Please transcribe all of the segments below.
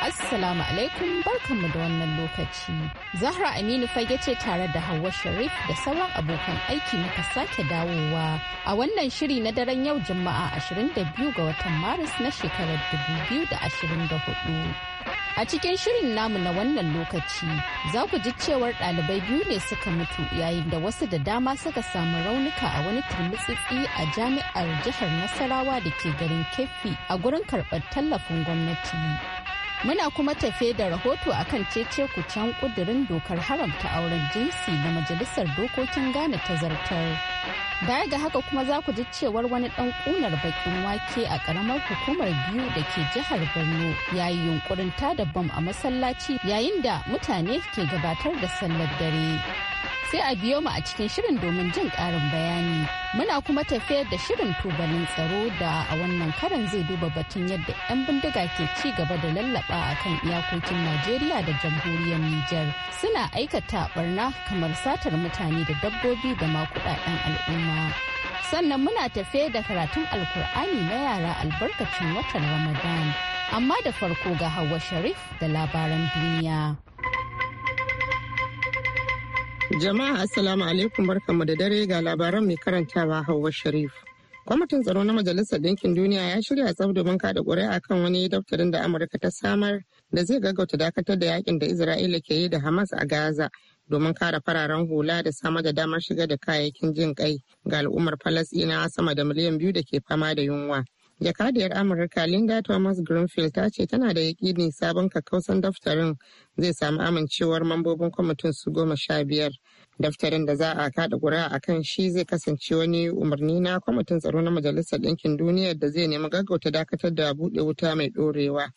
Assalamu alaikum barkanmu da wannan lokaci. Zahra Aminu fage ce tare da Hauwa Sharif da sauran abokan aiki muka sake dawowa a wannan shiri na daren yau Juma'a 22 ga watan Maris na shekarar 2024. A cikin shirin namu na wannan lokaci za ku ji cewar ɗalibai biyu ne suka mutu yayin da wasu da dama suka samu raunuka a wani turmutsitsi a jami'ar jihar Nasarawa da ke garin Keffi a gurin karɓar tallafin gwamnati. Muna kuma tafe da rahoto a kan cece kucen kudirin dokar haramta auren jinsi na Majalisar Dokokin Ghana ta zartar. Baya ga haka kuma za ku ji cewar wani ɗan ƙunar bakin wake a ƙaramar hukumar biyu da ke jihar Borno ya yi yunkurin tada bam a masallaci yayin da mutane ke gabatar da sallar dare. sai a biyo mu a cikin shirin domin jin ƙarin bayani. Muna kuma tafiyar da shirin tubalin tsaro da a wannan karan zai duba batun yadda 'yan bindiga ke ci gaba da lallaba a kan iyakokin Najeriya da jamhuriyar Nijar. Suna aikata barna kamar satar mutane da dabbobi da ma kuɗaɗen al'umma. Sannan muna tafiyar da karatun Alkur'ani na yara albarkacin watan Ramadan. Amma da farko ga hawa Sharif da labaran duniya. Jama'a Assalamu alaikum barkanmu da dare ga labaran mai karantawa Hauwa Sharif. Kwamitin tsaro na Majalisar Dinkin Duniya ya shirya tsaf domin kada ƙuri'a kan wani daftarin da Amurka ta samar da zai gaggauta dakatar da yakin da Isra'ila ke yi da Hamas a Gaza domin kare fararen hula da samar da damar shiga da kayayyakin jin kai ga al'ummar Falasɗina sama da miliyan biyu da ke fama da yunwa. jakadiyar amurka linda thomas greenfield ta ce tana da yakini sabon kakkausan daftarin zai samu amincewar mambobin kwamitin su goma sha biyar daftarin da za a kada ƙuri'a a kan shi zai kasance wani umarni na kwamitin tsaro na majalisar ɗinkin duniya da zai nemi gaggauta dakatar da buɗe wuta mai ɗorewa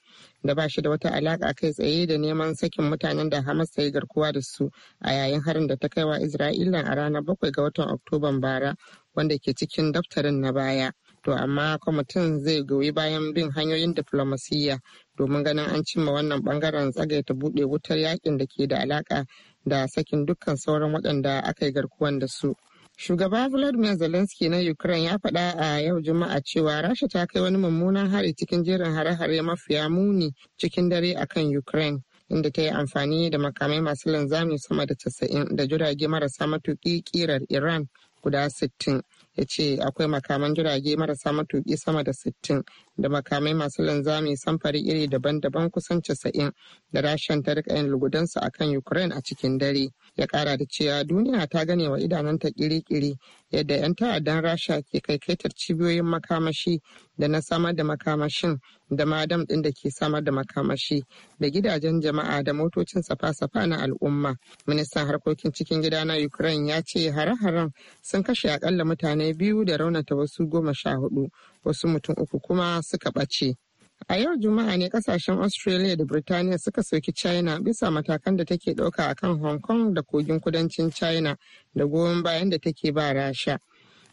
da ba shi da wata alaƙa kai tsaye da neman sakin mutanen da hamas ta yi garkuwa da su a yayin harin da ta kaiwa isra'ila a ranar bakwai ga watan oktoban bara wanda ke cikin daftarin na baya to amma kwamitin zai goyi bayan bin hanyoyin diflomasiyya domin ganin an cimma wannan bangaren tsagaita buɗe wutar yakin da ke da alaka da sakin dukkan sauran waɗanda aka yi garkuwan da su. Shugaba Vladimir Zelensky na Ukraine ya faɗa a yau Juma'a cewa Rasha ta kai wani mummunan hari cikin jerin hare-hare mafiya muni cikin dare akan Ukraine. Inda ta yi amfani da makamai masu linzami sama da 90 da jirage marasa matuƙi ƙirar Iran guda sittin. ya ce akwai makaman jirage marasa matuƙi sama da 60 da makamai masu linzami samfari iri daban-daban kusan 90 da rashin ta rika yin lugudansu a kan ukraine a cikin dare ya kara da cewa duniya ta gane wa idanunta kiri-kiri yadda 'yan ta'addan rasha ke kaikaitar cibiyoyin makamashi da na samar da makamashin da madam din da ke samar da makamashi da gidajen jama'a da motocin safa-safa na al'umma. Ministan harkokin cikin gida na Ukraine ya ce hare-haren sun kashe akalla mutane biyu da raunata wasu goma sha hudu wasu mutum uku kuma suka ɓace. A yau Juma'a ne kasashen Australia da Birtaniya suka soki China bisa matakan da take ɗauka akan Hong Kong da kogin kudancin China da goyon bayan da take ba Rasha.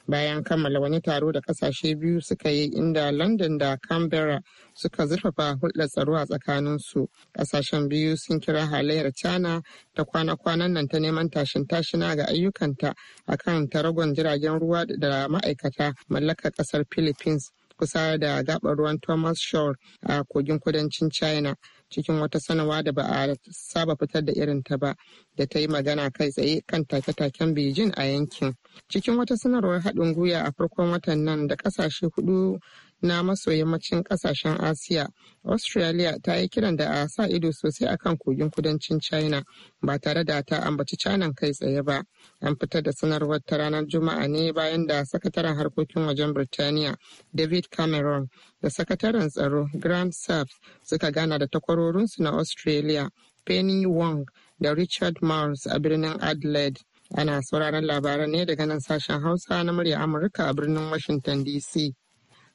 bayan kammala wani taro da kasashe biyu suka yi inda london da canberra suka zurfafa hulɗar tsaro a tsakanin su kasashen biyu sun kira halayyar china da kwana-kwanan nan ta neman tashin tashina ga ayyukanta akan taragon jiragen ruwa da ma'aikata mallakar kasar philippines kusa da gabar ruwan thomas shore a kogin kudancin china cikin wata sanawa da ba a saba fitar da irin ta ba da ta yi magana kai tsaye kan take-taken Beijing a yankin. Cikin wata sanarwar haɗin guya a farkon watan nan da ƙasashe hudu na maso yammacin kasashen asiya australia ta yi kiran da a sa ido sosai akan kogin kudancin china ba tare da ta ambaci canan kai tsaye ba an fitar da sanarwar ta ranar juma'a ne bayan da sakataren harkokin wajen birtaniya david cameron da sakataren tsaro grand saps suka gana da takwarorinsu na australia penny wong da richard mars a birnin adelaide ana sauraron labaran ne daga nan sashen hausa na murya amurka a birnin washington dc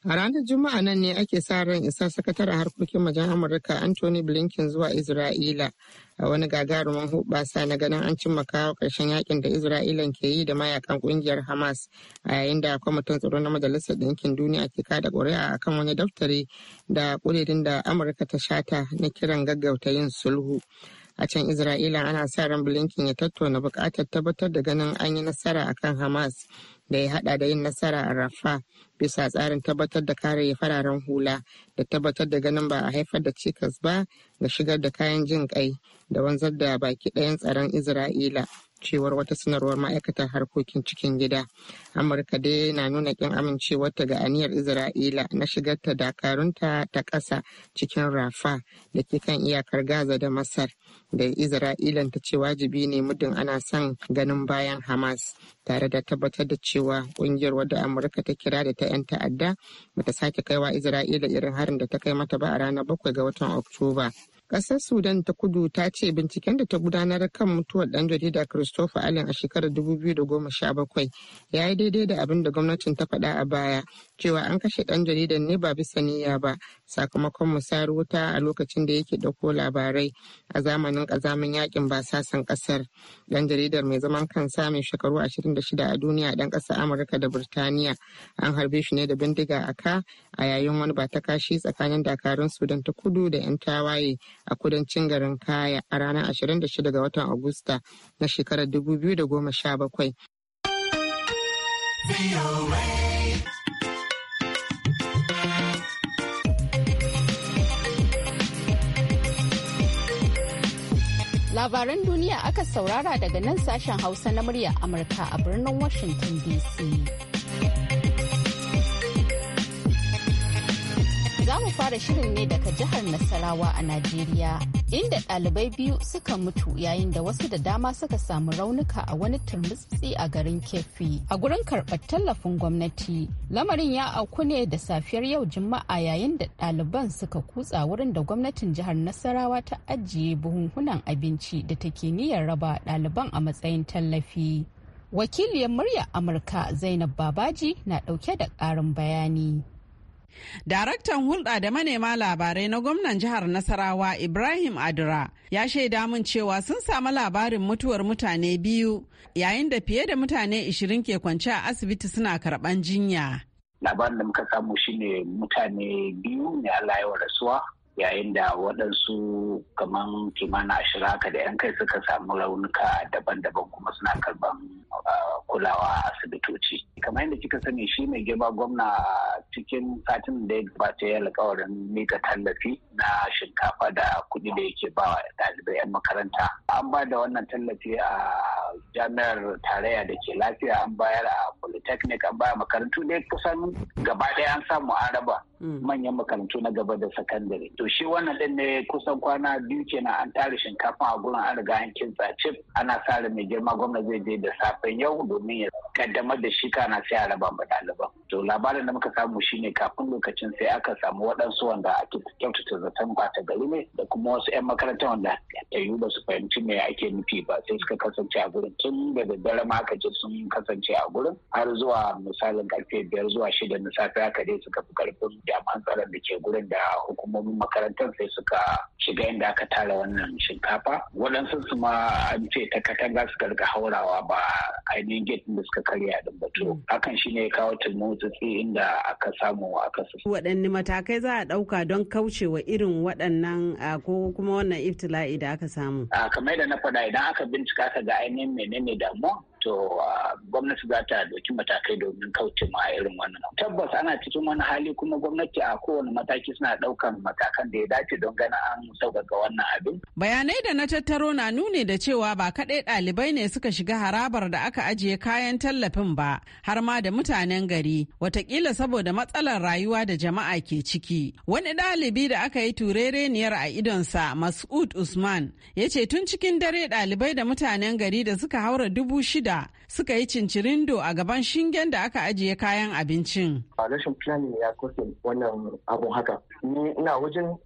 A ranar Juma'a nan ne ake sa ran isa sakatar harkokin wajen Amurka Anthony Blinken zuwa Isra'ila a wani gagarumin hubasa na ganin an cimma kawo ƙarshen yakin da Isra'ila ke yi da mayakan ƙungiyar Hamas a yayin da kwamitin tsaro na Majalisar Ɗinkin Duniya ke kada ƙuri'a akan wani daftari da kudirin da Amurka ta shata na kiran gaggauta yin sulhu. a can isra'ila ana sa ran blinken ya tattauna bukatar tabbatar da ganin an yi nasara akan hamas da ya hada da yin nasara a rafa bisa tsarin tabbatar da kare fararen hula da tabbatar da ganin ba a haifar da cikas ba ga shigar da kayan jin kai da wanzar da baki ɗayan tsaron isra'ila cewar wata sanarwar ma'aikatar harkokin cikin gida amurka dai na nuna kin amincewarta ga aniyar isra'ila na shigar ta dakarunta ta ƙasa cikin rafa da ke kan iyakar gaza da masar da isra'ila ta ce wajibi ne muddin ana son ganin bayan hamas tare da tabbatar da cewa kungiyar wadda amurka ta kira da ta 'yan ta'adda bata sake kaiwa isra'ila irin harin da ta kai mata ba a ranar bakwai ga watan oktoba kasar Sudan ta kudu ta ce binciken da ta gudanar kan mutuwar ɗan jarida Christopher Allen a shekarar 2017 ya yi daidai da abin da gwamnatin ta faɗa a baya cewa an kashe ɗan jaridan ne ba bisa niyya ba sakamakon musayar wuta a lokacin da yake dauko labarai a zamanin kazamin yakin basasan kasar ɗan jaridar mai zaman kansa mai shekaru 26 a duniya ɗan ƙasa amurka da birtaniya an harbe shi ne da bindiga a ka a yayin wani ba ta kashi tsakanin dakarun sudan ta kudu da 'yan tawaye a kudancin garin kaya a ranar 26 ga watan agusta na shekarar 2017. Labaran duniya aka saurara daga nan sashen Hausa na murya Amurka a birnin Washington DC. Za mu fara shirin ne daga jihar Nasarawa a Najeriya. inda ɗalibai biyu suka mutu yayin da wasu da dama suka samu raunuka a wani turmutsi a garin kefi a gurin karɓar tallafin gwamnati lamarin ya auku ne da safiyar yau juma'a yayin da ɗaliban suka kutsa wurin da gwamnatin jihar nasarawa ta ajiye buhunhunan abinci da take niyyar raba ɗaliban a matsayin tallafi wakiliyar murya amurka zainab babaji na ɗauke da ƙarin bayani Daraktan hulɗa da manema labarai na gwamnan jihar Nasarawa Ibrahim Adura ya shaida mun cewa sun samu labarin mutuwar mutane biyu yayin da fiye da mutane 20 ke kwance a asibiti suna karɓan jinya. Labarin da muka samu shine mutane biyu ne Allah ya rasuwa yayin da waɗansu kamar kimanin ashirin haka da 'yan kai suka samu raunuka daban-daban kuma suna karban kulawa a asibitoci kamar yadda kika sani shi mai girma gwamna cikin satin da ya gabata ya alkawarin mika tallafi na shinkafa da kuɗi da yake ba wa ɗalibai 'yan makaranta an ba da wannan tallafi a jami'ar tarayya da ke lafiya an bayar a polytechnic an bayar makarantu dai kusan gaba ɗaya an samu an Mm. manyan makarantu na gaba da sakandare to shi wannan din ne kusan kwana biyu kenan an tare shinkafa a gurin an riga an kintsa cif ana sa mai girma gwamna zai je da safen yau domin ya kaddamar da shi kana sai a raba ma ɗaliban to labarin da muka samu shi ne kafin lokacin sai aka samu waɗansu wanda ake kyautata zaton ba ta gari ne da kuma wasu 'yan makaranta wanda ta yi ba su fahimci me ake nufi ba sai suka kasance a gurin tun da daddare ma aka ce sun kasance a gurin har zuwa misalin karfe biyar zuwa shida na safe aka dai suka fi karfin jami'an tsaron da ke gurin da hukumomin makarantar sai suka shiga inda aka tara wannan shinkafa waɗansu su ma an ce ta katanga suka rika haurawa ba ainihin gate da suka karya din ba to mm. hakan shine ne kawo tilmotsitsi inda aka samu aka su waɗanne matakai za a ɗauka don kaucewa irin waɗannan ko kuma wannan iftila'i da aka samu kamar da na faɗa idan aka bincika ka ga ainihin menene damuwa to gwamnati za ta ɗauki matakai domin kauce ma irin wannan tabbas ana cikin wani hali kuma gwamnati a kowane mataki suna ɗaukan matakan da ya dace don gana an sauƙaƙa wannan abin bayanai da na tattaro na nune da cewa ba kaɗai ɗalibai ne suka shiga harabar da aka ajiye kayan tallafin ba har ma da mutanen gari watakila saboda matsalar rayuwa da jama'a ke ciki wani ɗalibi da aka yi turereniyar a idonsa mas'ud usman ya ce tun cikin dare ɗalibai da mutanen gari da suka haura dubu shida suka yi cincirindo a gaban shingen da aka ajiye kayan abincin. Rashin planning ya kusa wannan abun haka. Ni ina wajen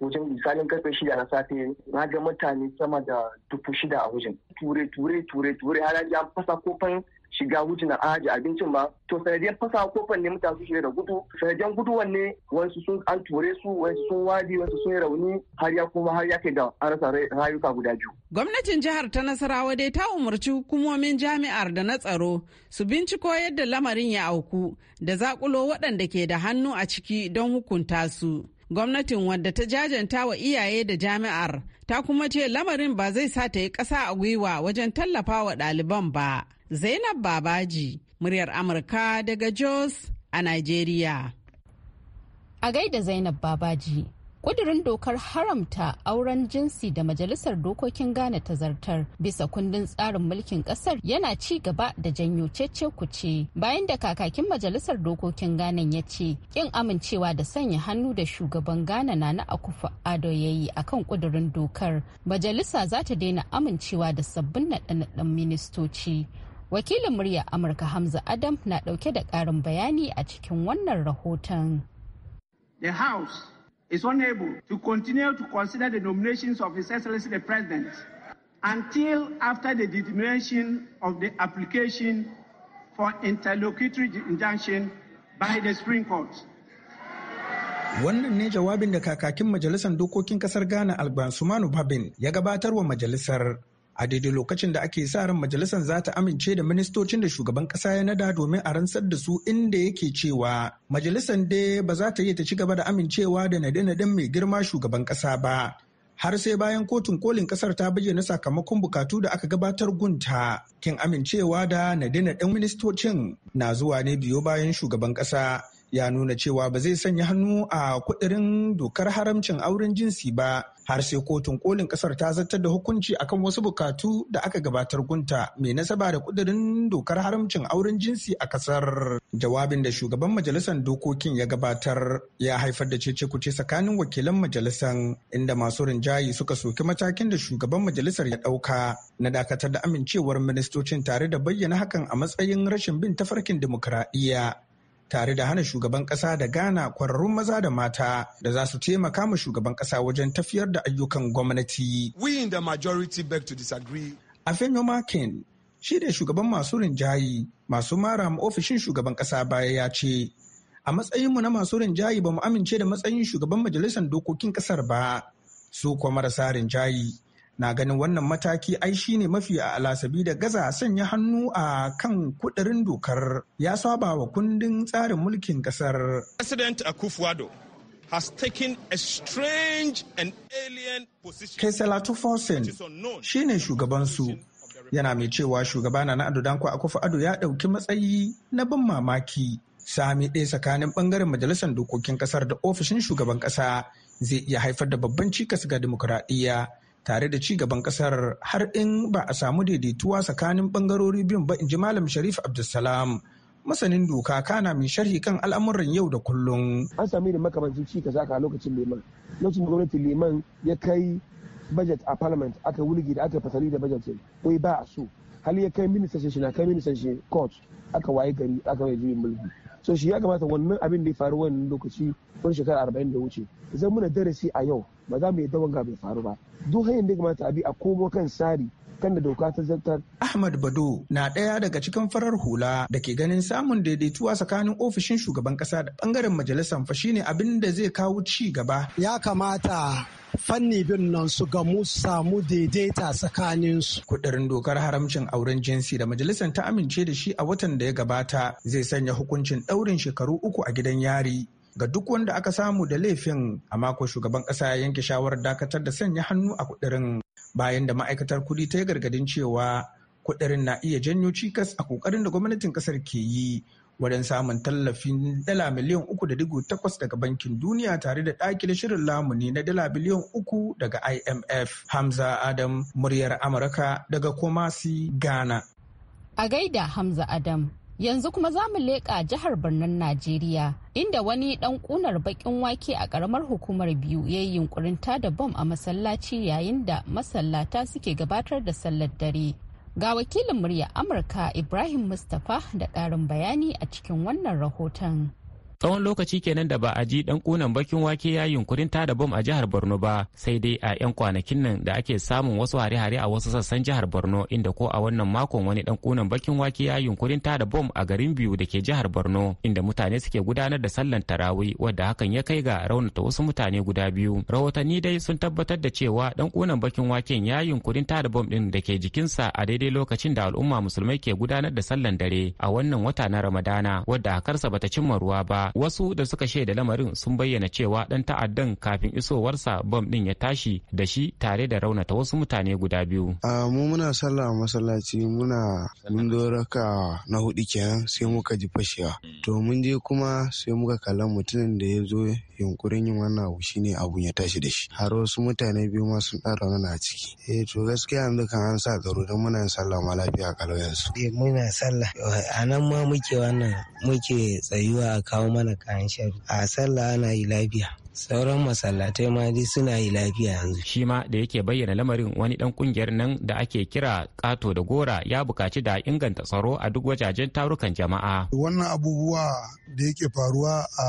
wajen misalin karfe shida na safe na ga mutane sama da dubu shida a wajen. Ture ture ture ture har an fasa kofan shiga wuce na aji abincin ba to sanadiyar fasa kofar ne mutane su shirya da gudu sanadiyar guduwan ne wasu sun an ture su wasu sun wadi wasu sun rauni har ya kuma har ya kai da an rasa rayuka guda biyu. Gwamnatin jihar ta Nasarawa dai ta umarci hukumomin jami'ar da na tsaro su binciko yadda lamarin ya auku da zakulo waɗanda ke da hannu a ciki don hukunta su. gwamnatin wadda ta jajanta wa iyaye da jami'ar ta kuma ce lamarin ba zai sa ta yi ƙasa a gwiwa wajen tallafa wa ɗaliban ba. Zainab Babaji, muryar Amurka daga Jos a nigeria. A gaida Zainab Babaji, ƙudurin dokar haramta auren jinsi da Majalisar Dokokin Ghana ta zartar bisa kundin tsarin mulkin kasar yana ci gaba da janyo cece kuce bayan da kakakin Majalisar Dokokin Ghana ya ce kin amincewa da sanya hannu da shugaban Ghana na na akufa ado ya yi a kan kudurin dokar. Majalisa za ta daina amincewa da sabbin naɗe-naɗen ministoci. wakilin murya amurka hamza adam na dauke da karin bayani a cikin wannan rahoton the house is unable to continue to consider the nominations of his excellency the president until after the determination of the application for interlocutory injunction by the supreme court Wannan ne jawabin da kakakin majalisar dokokin kasar Ghana Alban Sumanu Babin ya gabatar wa majalisar a daidai lokacin da ake sa ran majalisar za ta amince da ministocin da shugaban kasa ya nada domin a rantsar da su inda yake cewa majalisar dai ba za ta iya ta ci gaba da amincewa da nade-naden mai girma shugaban kasa ba har sai bayan kotun kolin kasar ta bayyana sakamakon bukatu da aka gabatar gunta kin amincewa da nade-naden ministocin na zuwa ne biyo bayan shugaban kasa ya nuna cewa ba zai sanya hannu a kudirin dokar haramcin auren jinsi ba har sai kotun kolin kasar ta zartar da hukunci akan wasu bukatu da aka gabatar gunta mai nasaba da kudirin dokar haramcin auren jinsi a kasar jawabin da shugaban majalisar dokokin ya gabatar ya haifar da cece kuce tsakanin wakilan majalisar inda masu rinjayi suka soki matakin da shugaban majalisar ya dauka na dakatar da amincewar ministocin tare da bayyana hakan a matsayin rashin bin tafarkin dimokuraɗiyya tare da hana shugaban kasa da gana kwararrun maza da mata da za su taimaka ma shugaban kasa wajen tafiyar da ayyukan gwamnati. We in the majority beg to disagree. Afenyo Makin, shi da shugaban masu rinjayi masu mara ma ofishin shugaban kasa baya ya ce a matsayinmu na masu rinjayi ba mu amince da matsayin shugaban majalisar dokokin kasar ba su kuma marasa rinjayi na ganin wannan mataki ai ne mafi a alasabi da gaza sanya hannu a kan kudirin dokar ya saba wa kundin tsarin mulkin kasar. President Akufuado has taken a strange and alien position. Salatu Fosin shine shugabansu yana mai cewa shugaba na Ado Danko Akufuado ya ɗauki matsayi na ban mamaki. Sami ɗaya tsakanin ɓangaren majalisar dokokin ƙasar da ofishin shugaban ƙasa zai iya haifar da babban cikas ga dimokuraɗiyya. tare da ci gaban kasar har in ba a samu daidaituwa tsakanin bangarori biyun ba in ji malam sharif abdulsalam masanin doka kana mai sharhi kan al'amuran yau da kullum an sami da makamancin ci ka zaka lokacin liman lokacin gwamnatin liman ya kai budget a parliament aka wulgi da aka fasali da budget ne wai ba a so hal ya kai ministan shi na kai ministan shi court aka waye gari aka waye jirgin mulki so shi ya kamata wannan abin da ya faru wannan lokaci wani shekara arba'in da wuce zan muna darasi a yau ba za mu yi ga bai faru ba duk hanyar da kamata a bi a komo kan tsari kan da doka ta zartar. Ahmad Bado na ɗaya daga cikin farar hula da ke ganin samun daidaituwa tsakanin ofishin shugaban ƙasa da ɓangaren majalisar fa ne abin da zai kawo ci gaba. Ya kamata fanni bin nan su ga mu samu daidaita tsakaninsu. Kudirin dokar haramcin auren jinsi da majalisar ta amince da shi a watan da ya gabata zai sanya hukuncin ɗaurin shekaru uku a gidan yari. ga duk wanda aka samu da laifin a mako shugaban kasa ya yanke shawarar dakatar da sanya hannu a kudirin bayan da ma'aikatar kudi ta yi gargadin cewa kudirin na iya janyo cikas a kokarin da gwamnatin kasar ke yi wajen samun tallafin dala miliyan uku da digo takwas daga bankin duniya tare da ɗakile shirin lamuni na dala biliyan uku daga imf hamza adam muryar amurka daga Komasi ghana a gaida hamza adam Yanzu kuma za mu leƙa jihar birnin Najeriya inda wani ɗan ƙunar baƙin wake a ƙaramar hukumar biyu ya yi yunkurin da bom a masallaci yayin da masallata suke gabatar da sallar dare. Ga wakilin murya Amurka Ibrahim Mustapha da ƙarin bayani a cikin wannan rahoton. tsawon lokaci kenan da ba a ji dan kunan bakin wake ya yunkurin tada bom a jihar borno ba sai dai a yan kwanakin nan da ake samun wasu hare-hare a wasu sassan jihar borno inda ko a wannan makon wani dan kunan bakin wake ya yunkurin tada bom a garin biyu da ke jihar borno inda mutane suke gudanar da sallan tarawi wadda hakan ya kai ga raunata wasu mutane guda biyu rahotanni dai sun tabbatar da cewa dan kunan bakin waken ya yunkurin tada bom din da ke jikinsa a daidai lokacin da al'umma musulmai ke gudanar da sallan dare a wannan wata na ramadana wadda hakarsa bata cimma ruwa ba wasu da suka shaida lamarin sun bayyana cewa dan ta'addan kafin isowarsa bom din ya tashi da shi tare da raunata wasu mutane guda biyu. mu muna sallah a masallaci muna mun raka na hudu kenan sai muka ji fashewa hmm. to mun je kuma sai muka kalla mutumin da ya zo yunkurin yin wannan abu shine abun ya tashi da shi har wasu mutane biyu ma sun ɗan raunana a ciki eh to gaskiya yanzu kan an sa tsaro don muna sallah ma lafiya a yanzu eh muna sallah a nan ma muke wannan muke tsayuwa a kawo mana kayan shan a sallah ana yi lafiya sauran masallatai ma dai suna yi lafiya yanzu. Shi ma da yake bayyana lamarin wani dan kungiyar nan da ake kira kato da gora ya bukaci da inganta tsaro a duk wajajen tarukan jama'a. Wannan abubuwa da yake faruwa a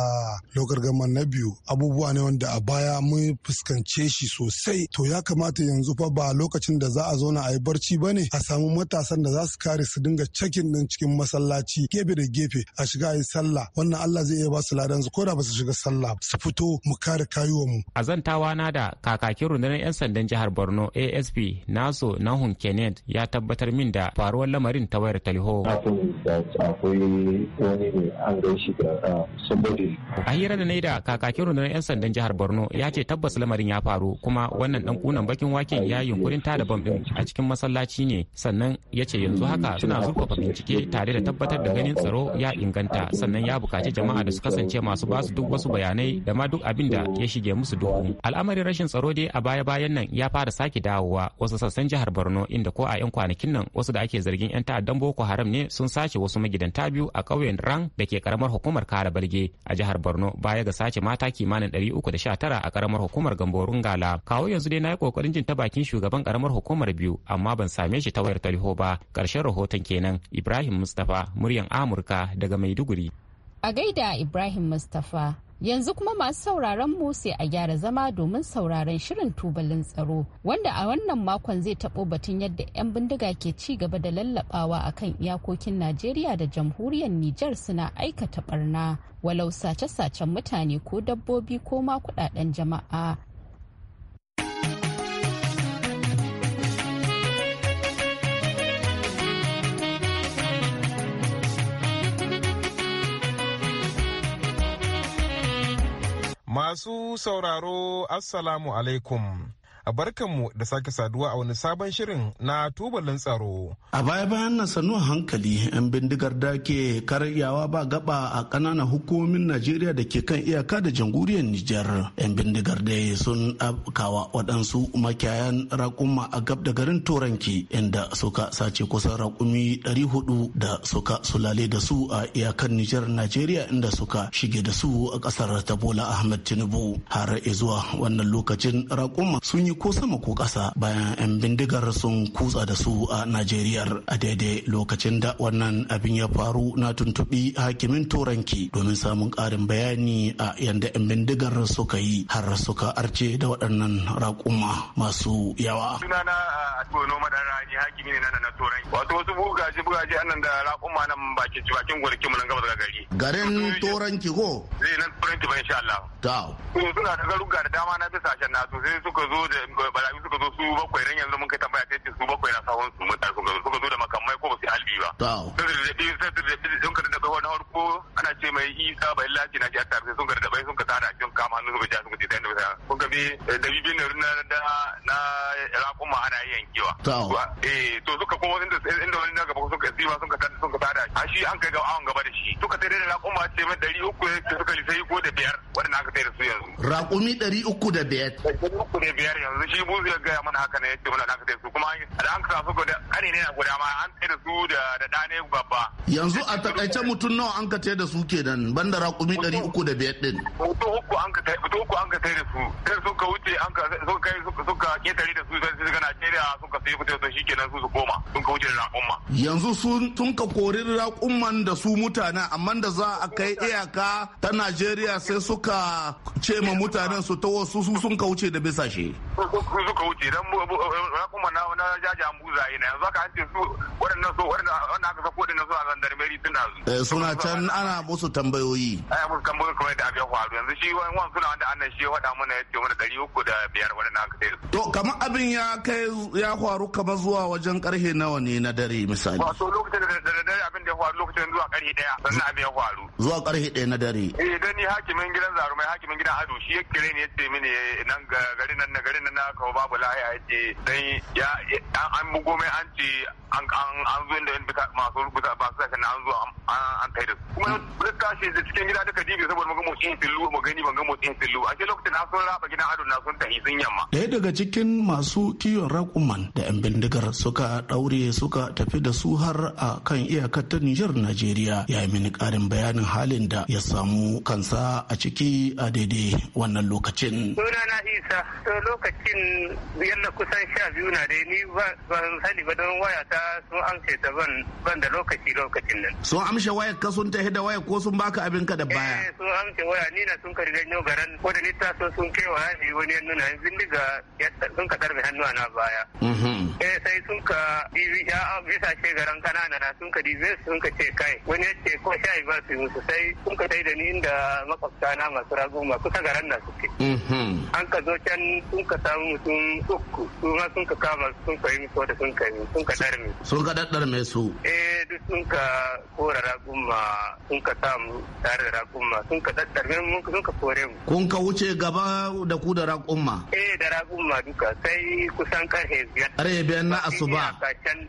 lokar gama na biyu abubuwa ne wanda a baya mun fuskance shi sosai to ya kamata yanzu fa ba lokacin da za a zauna a yi barci ba ne a samu matasan da za su kare su dinga cakin nan cikin masallaci gefe da gefe a shiga a yi sallah wannan Allah zai iya ba su ladan su ko da ba su shiga sallah su fito mu kare mu. A zantawa na da kakakin rundunar 'yan sandan jihar Borno ASP Naso Nahun Kenneth ya tabbatar min da faruwar lamarin ta wayar talho. Ah, a hira da na da kakakin rundunar 'yan sandan jihar Borno ya ce tabbas lamarin ya faru kuma wannan dan kunan bakin waken ya yunkurin tada da din a cikin masallaci ne sannan ya ce yanzu haka suna zurfafa bincike tare da tabbatar da ganin tsaro ya inganta sannan ya bukaci jama'a da su kasance masu basu duk wasu bayanai da ma duk abin abin da ya shige musu duhu al'amarin rashin tsaro dai a baya bayan nan ya fara sake dawowa wasu sassan jihar borno inda ko a 'yan kwanakin nan wasu da ake zargin 'yan ta'addan boko haram ne sun sace wasu magidanta biyu a ƙauyen rang da ke karamar hukumar kara balge a jihar borno baya ga sace mata kimanin tara a karamar hukumar gamborun gala kawo yanzu dai na yi kokarin jin ta bakin shugaban karamar hukumar biyu amma ban same shi ta wayar tarho ba ƙarshen rahoton kenan ibrahim mustapha muryan amurka daga maiduguri a gaida ibrahim mustapha Yanzu kuma masu sauraron mu sai a gyara zama domin sauraron shirin tubalin tsaro wanda a wannan makon zai taɓo batun yadda 'yan bindiga ke ci gaba da lallabawa akan iyakokin Najeriya da jamhuriyar Nijar suna aikata barna walau sace-sacen mutane ko dabbobi ko ma kudaden jama'a Masu sauraro Assalamu alaikum. A barkanmu da sake saduwa a wani sabon shirin na tubalin tsaro. A baya bayan na sanu hankali 'yan bindigar da ke karyawa ba gaba a ƙananan hukumomin Najeriya da ke kan iyaka da jamhuriyar Nijar. 'Yan bindigar da sun afkawa waɗansu makiyayan raƙuma a gab da garin Turanki inda suka sace kusan raƙumi 400 da suka sulale da su a iyakar Nijar Najeriya inda suka shige da su a ƙasar Tabola Ahmed Tinubu har zuwa wannan lokacin raƙuma sun yi sanyi ko sama ko ƙasa bayan 'yan bindigar sun kutsa da su a Najeriya a daidai lokacin da wannan abin ya faru na tuntuɓi hakimin turanki domin samun ƙarin bayani a yadda 'yan bindigar suka yi har suka arce da waɗannan raƙuma masu yawa. Sunana a Tono ni hakimi ne na na turanki. Wato wasu bugaje bugaje annan da raƙuma nan bakin bakin gurkin mu nan gabas daga gari. Garin turanki ko? Zai eh, nan turanki ba insha Allah. Ta. Suna da garuga da dama na bisa shan nasu sai suka zo da barayi suka zo su bakwai ran yanzu mun kai tambaya ta su bakwai na sawon su mutane suka zo da makamai ko ba su albi ba. Sun ka daɗe wani harko ana ce mai isa bai lati na jihar tarihi sun ka daɗe sun ka tara jin kama hannu suka ja suka ce ta yadda Kun ka bi eh, da bibin na na raƙuma ana yankewa. Eh to suka kuma inda wani na gaba suka sun ka tada sun ka tada. A shi an kai ga awon gaba da shi. Suka sai da ce mai uku suka ko da biyar waɗanda aka sai da su yanzu. uku da biyar. uku da biyar yanzu. yanzu shi buzu ya gaya mana haka ne yake mana da su kuma da an kasa su guda kare ne guda ma an tsaye da su da da dane babba yanzu a takaice mutum nawa an ka tsaye da su kenan banda raƙumi 300 ɗari uku da biyar ɗin mutum uku an ka tsaye da su sai suka wuce an ka suka kai suka ketare da su sai suka Najeriya suka sai fito da shi kenan su su koma sun ka wuce da raƙumma yanzu sun ka kori raƙumman da su mutanen amma da za a kai iyaka ta Najeriya sai suka ce ma mutanen su ta wasu su sun ka wuce da bisa shi su suka wuce dan kuma na na jaja ambuza ina yanzu aka hance su waɗannan so waɗanda aka sako waɗannan so a zandarmeri suna eh, suna can ana musu tambayoyi ana musu tambayoyi kamar da abin faru yanzu shi wani wani suna wanda annan shi ya waɗa mana ya ce mana ɗari uku da biyar waɗanda aka sai to kamar abin ya kai ya faru kamar zuwa wajen ƙarfe nawa ne na dare misali wato lokacin da dare abin da ya faru lokacin zuwa ƙarfe ɗaya sannan abin ya faru zuwa ƙarfe ɗaya na dare eh dan ni hakimin gidan zarumai hakimin gidan ado shi ya kire ni ya mini eh, nan garin nan garin nan halin na haka babu lahiya yace dan ya an bugo mai an ce an an zo inda bisa masu rubuta ba su an zo an kai da kuma duk tashi da cikin gida duka dibi saboda muga motsin fillu mu gani ban ga motsin fillu a ce lokacin an sun raba gidan ado na sun tafi sun yamma daya daga cikin masu kiwon rakuman da yan bindigar suka daure suka tafi da su har a kan iyakar ta Nijar Najeriya ya yi mini karin bayanin halin da ya samu kansa a ciki a daidai wannan lokacin. Sunana Isa, to lokacin lokacin yalla kusan sha biyu na dai ni ban sani ba don waya ta sun amshe ta ban da lokaci lokacin nan. Sun amshe wayar ka sun tafi da waya ko sun baka abin ka da baya? Eh sun amshe waya ni na sun kari ganyo garan ko da ni so sun kai wa yaji wani yan nuna ga sun ka karbe hannu na baya. Mhm. Eh sai sun ka dibi ya bisa ce garan kanana na sun ka dibi sun ka ce kai wani ya ce ko sha ba su yi musu sai sun ka sai da ni inda makwabta na masu raguma kusa garan na suke. Mhm. An ka zo can sun ka samu mutum uku su ma sun ka kama sun ka yi musu da sun ka yi sun ka darme. Sun ka daddarme su. Eh duk sun ka kora raƙumma sun ka samu tare da raƙumma sun ka daddarme mu sun ka kore mu. Kun ka wuce gaba da ku da raƙumma. Eh da raƙumma duka sai kusan karhe biyar. Karhe biyar na asuba.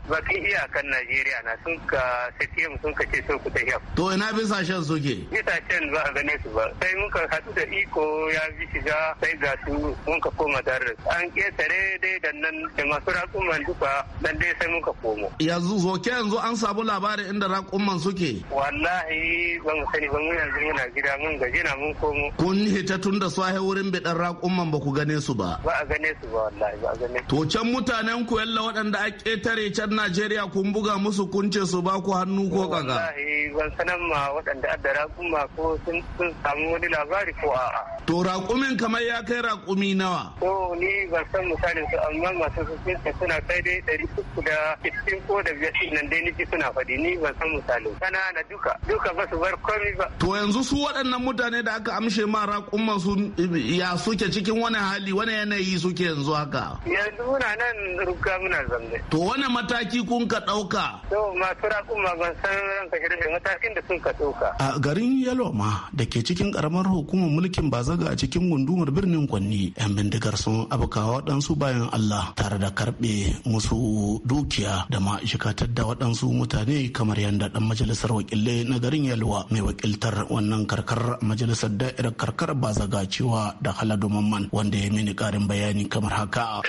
Bakin iyakan Najeriya na sun ka sake mu sun ka ce sun ku ta yau. To ina bisa shan suke? Bisa shan ba a gane su ba sai mun ka haɗu da iko ya bi shiga sai ga su mun ka koma tare an ƙetare dai da nan da masu raƙuman duka dan dai sai muka komo. Yanzu zoke yanzu an samu labarin inda raƙuman suke. Wallahi ban sani ban mun yanzu muna gida mun gaji na mun komo. Kun hita tun da swahe wurin bidan raƙuman ba ku gane su ba. Ba a gane su ba wallahi ba a gane. To can mutanen ku yalla waɗanda a ƙetare can Najeriya kun buga musu ce su ba ku hannu ko kaka. Wallahi ban sanan ma waɗanda adda raƙuma ko sun samu wani labari ko a'a. To raƙumin kamar ya kai raƙumi nawa. To ni ban san misalin su amma masu sun ce suna kai dai ɗari uku da sittin ko da biyar nan dai niki suna faɗi ni ban san misalin kana na duka duka ba su bar komi ba. to yanzu su waɗannan mutane da aka amshe ma raƙumman su ya suke cikin wani hali wani yanayi suke yanzu haka. yanzu muna nan ruga muna zambe. to wani mataki kun ka ɗauka. to masu raƙumma ban san ranka shirin matakin da sun ka ɗauka. a garin yalo ma, da ke cikin ƙaramar hukumar mulkin bazaga a cikin gundumar birnin kwanni 'yan bindigar sun sun waɗansu bayan Allah tare da karɓe musu dukiya da ma shikatar da waɗansu mutane kamar yadda ɗan majalisar wakilai na garin Yalwa mai wakiltar wannan karkar majalisar da'irar karkar bazaga cewa da haladu mamman wanda ya mini ƙarin bayani kamar haka.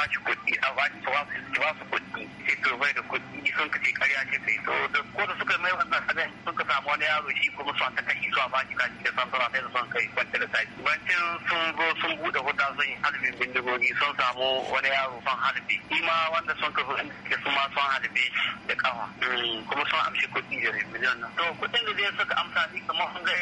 ba shi kuɗi a ba shi ba su kuɗi sai to bai da kuɗi sun ka ce ƙarya ce sai to da ko da suka mai wannan sanin sun ka samu wani yaro shi kuma su ta kashi kashi da sansara sai da son kai kwanta da sai bancin sun zo sun buɗe sun yi halibin bindigogi sun samu wani yaro son halibi shi ma wanda sun ka su ma son halibi da hmm, kuma sun amshi kuɗi da miliyan nan to kuɗin da zai suka amsa ni kamar sun ga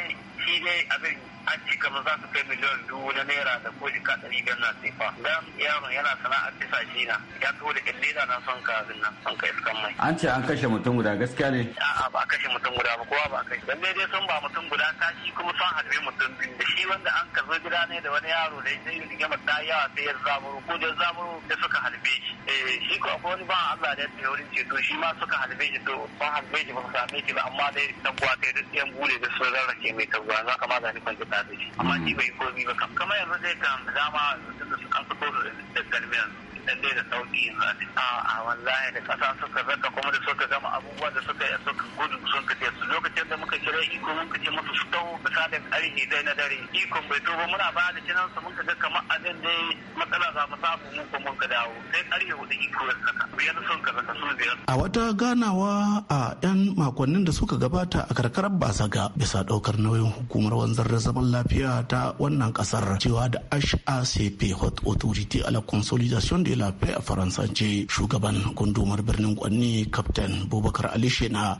shi ne abin an ci kamar za su kai miliyan dubu na naira da ko shi kaɗari biyar na sefa dan yaron yana sana'ar tisa shi na ya kawo da illera na son ka abin nan son ka iskan mai. an ce an kashe mutum guda gaskiya ne. a'a ba a kashe mutum guda ba kowa ba a kashe dan dai sun ba mutum guda shi kuma sun harbe mutum biyu da shi wanda an kazo gida ne da wani yaro da ya yi rigima ta yawa sai ya zaburo ko da zaburo da suka harbe shi. Eh, shi ko akwai wani ba Allah da ya tsaye wurin ceto shi ma suka harbe shi to ba harbe shi ba su same shi ba amma dai tabuwa ta yi duk yan bude da sun rarrake mai tabuwa. ba za ka magani kwanci ta amma ni bai komi ba kam kamar yanzu zai kan dama da su kan fito da garmi yanzu lalle da sauki yanzu a wallahi da kasa suka zaka kuma da suka gama abubuwan da suka suka gudu sun kace su lokacin da muka kira iko mun kace musu su tau misalin karfe dai na dare iko bai tuba muna ba da kinan su mun ga kamar abin dai matsala za mu samu mun ko mun ka dawo sai karfe hudu iko ya saka biyar sun ka saka su biyar a wata ganawa a yan makonnin da suka gabata a karkarar basaga bisa daukar nauyin hukumar wanzar da zaman lafiya ta wannan kasar cewa da HACP Hot Authority a la Consolidation de la paix a faransance shugaban gundumar birnin kwanni kaftan bubakar ali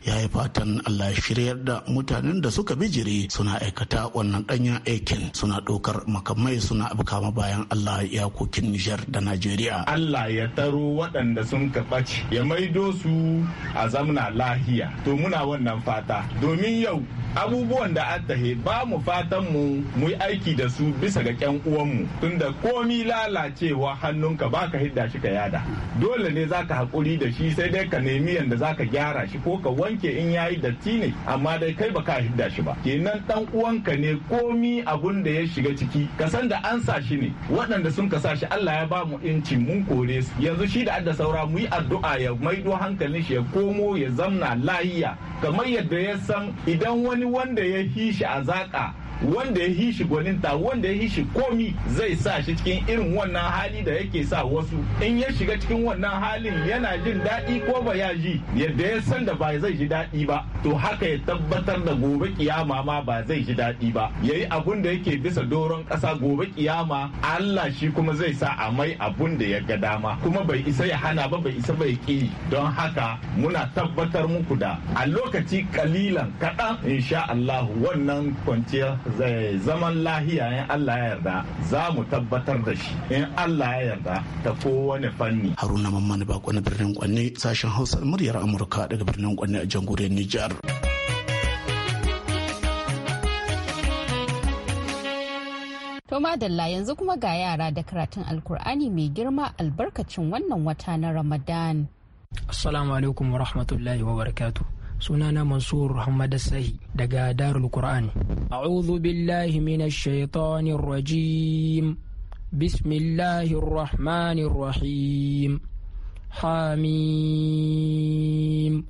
ya yi fatan allah shiryar da mutanen da suka bijiri suna aikata wannan danyen aikin suna dokar makamai suna abkama bayan allah iyakokin nijar da najeriya allah ya taro waɗanda sun kabaci ya maido su a zamna lahiya to muna wannan fata domin yau abubuwan da an tahe ba mu fatan mu mu aiki da su bisa ga kyan uwanmu tunda komi lalacewa hannunka baka da shi ka yada dole ne zaka hakuri da shi sai dai ka nemi yanda zaka gyara shi ko ka wanke in yayi datti ne amma dai kai baka hidda shi ba kenan dan uwanka ne komi abun da ya shiga ciki ka san da an sa shi ne waɗanda sun ka sa shi Allah ya ba mu inci mun kore su yanzu shi da adda saura mu yi addu'a ya maido hankalin shi ya komo ya zamna lahiya kamar yadda ya san idan wani wanda ya hi shi a zaka wanda ya hishi gwaninta wanda ya hishi komi zai sa shi cikin irin wannan hali da yake sa wasu in ya shiga cikin wannan halin yana jin daɗi ko ba ya ji yadda ya san da ba zai ji daɗi ba to haka ya tabbatar da gobe kiyama ma ba zai ji daɗi ba yayi abun da yake bisa doron ƙasa gobe kiyama Allah shi kuma zai sa a mai abun da ya ga dama kuma bai isa ya hana ba bai isa bai ki don haka muna tabbatar muku da a lokaci kalilan kaɗan insha Allah wannan kwanciyar zaman lahiya in Allah ya yarda za mu tabbatar da shi in Allah ya yarda ta kowane fanni. Haruna Mamman Bako na birnin Kwanne sashen Hausa muryar Amurka daga birnin Kwanne a jamhuriyar Nijar. To madalla yanzu kuma ga yara da karatun alkur'ani mai girma albarkacin wannan wata na Ramadan. Assalamu alaikum wa rahmatullahi wa barakatuh. sunana mansur hamad sahi daga darul qur'an a'udhu billahi minash shaitanir rajim bismillahir rahmanir rahim حميم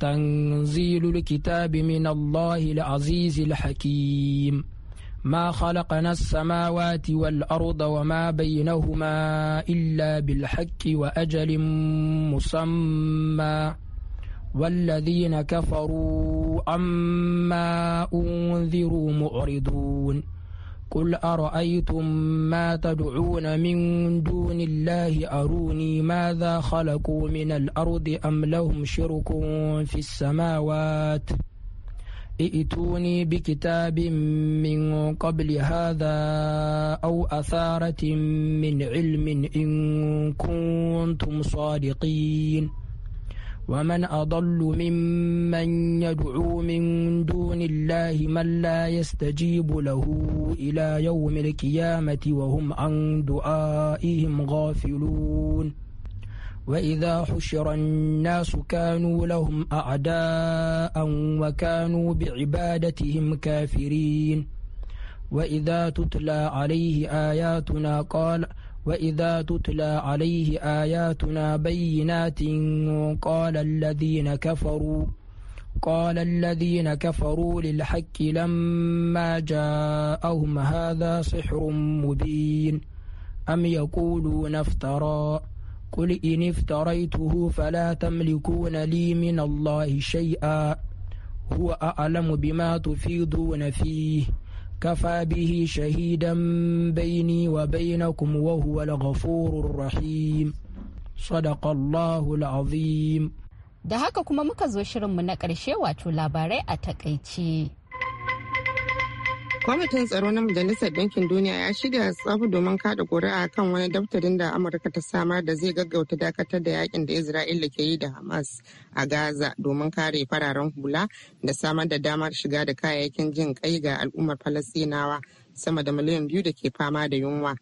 تنزيل الكتاب من الله العزيز الحكيم ما خلقنا السماوات والأرض وما بينهما إلا بالحق وأجل مسمى والذين كفروا أما أنذروا معرضون قل أرأيتم ما تدعون من دون الله أروني ماذا خلقوا من الأرض أم لهم شرك في السماوات ائتوني بكتاب من قبل هذا أو أثارة من علم إن كنتم صادقين ومن أضل ممن يدعو من دون الله من لا يستجيب له إلى يوم القيامة وهم عن دعائهم غافلون وإذا حشر الناس كانوا لهم أعداء وكانوا بعبادتهم كافرين وإذا تتلى عليه آياتنا قال وإذا تتلى عليه آياتنا بينات قال الذين كفروا قال الذين كفروا للحق لما جاءهم هذا سحر مبين أم يقولون افترى قل إن افتريته فلا تملكون لي من الله شيئا هو أعلم بما تفيضون فيه كفى به شهيدا بيني وبينكم وهو الغفور الرحيم صدق الله العظيم da haka kuma muka zo shirinmu na ƙarshe wato labarai a takaice. kwamitin tsaro na majalisar ɗinkin duniya ya shirya tsafi domin kada ƙuri'a kan wani daftarin da amurka ta samar da zai gaggauta dakatar da yakin da isra'ila ke yi da hamas a gaza domin kare fararen hula da samar da damar shiga da kayayyakin jin kai ga al'ummar falastinawa sama da miliyan biyu da ke fama da yunwa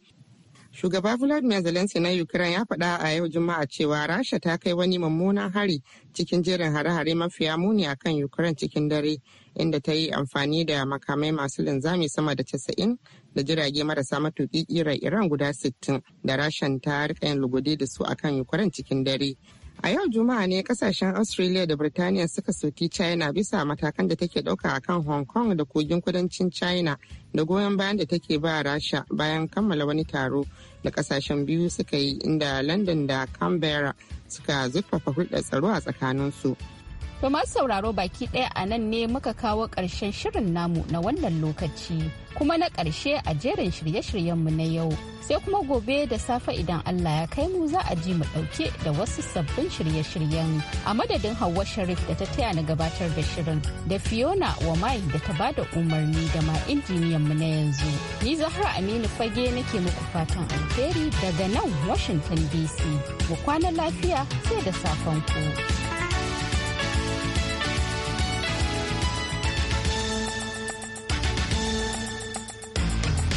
shugaba vladimir zelensky na ukraine ya faɗa a yau juma'a cewa rasha ta kai wani mummunan hari cikin jerin hare-hare mafiya muni akan ukraine cikin dare inda ta yi amfani da makamai masu linzami sama da casa'in da jirage marasa matuƙi ƙira iran guda 60 da rashan ta rika yin lugudi da su akan ukraine cikin dare a yau juma'a ne kasashen australia da birtaniya suka soki china bisa matakan da take ɗauka akan hong kong da kogin kudancin china da goyon bayan da take ba rasha bayan kammala wani taro da kasashen biyu suka yi inda london da canberra suka zurfafa hulɗar tsaro a tsakaninsu To masu sauraro baki ɗaya a nan ne muka kawo ƙarshen shirin namu na wannan lokaci kuma na ƙarshe a jerin shirye-shiryenmu na yau. Sai kuma gobe da safe idan Allah ya kai mu za a ji mu ɗauke da wasu sabbin shirye-shiryen a madadin Hauwa Sharif da ta taya na gabatar da shirin da Fiona wa mai da ta ba da umarni da ma injiniyan mu na yanzu. Ni Zahra Aminu Fage nake muku fatan alheri daga nan Washington DC. Mu kwana lafiya sai da safen ku.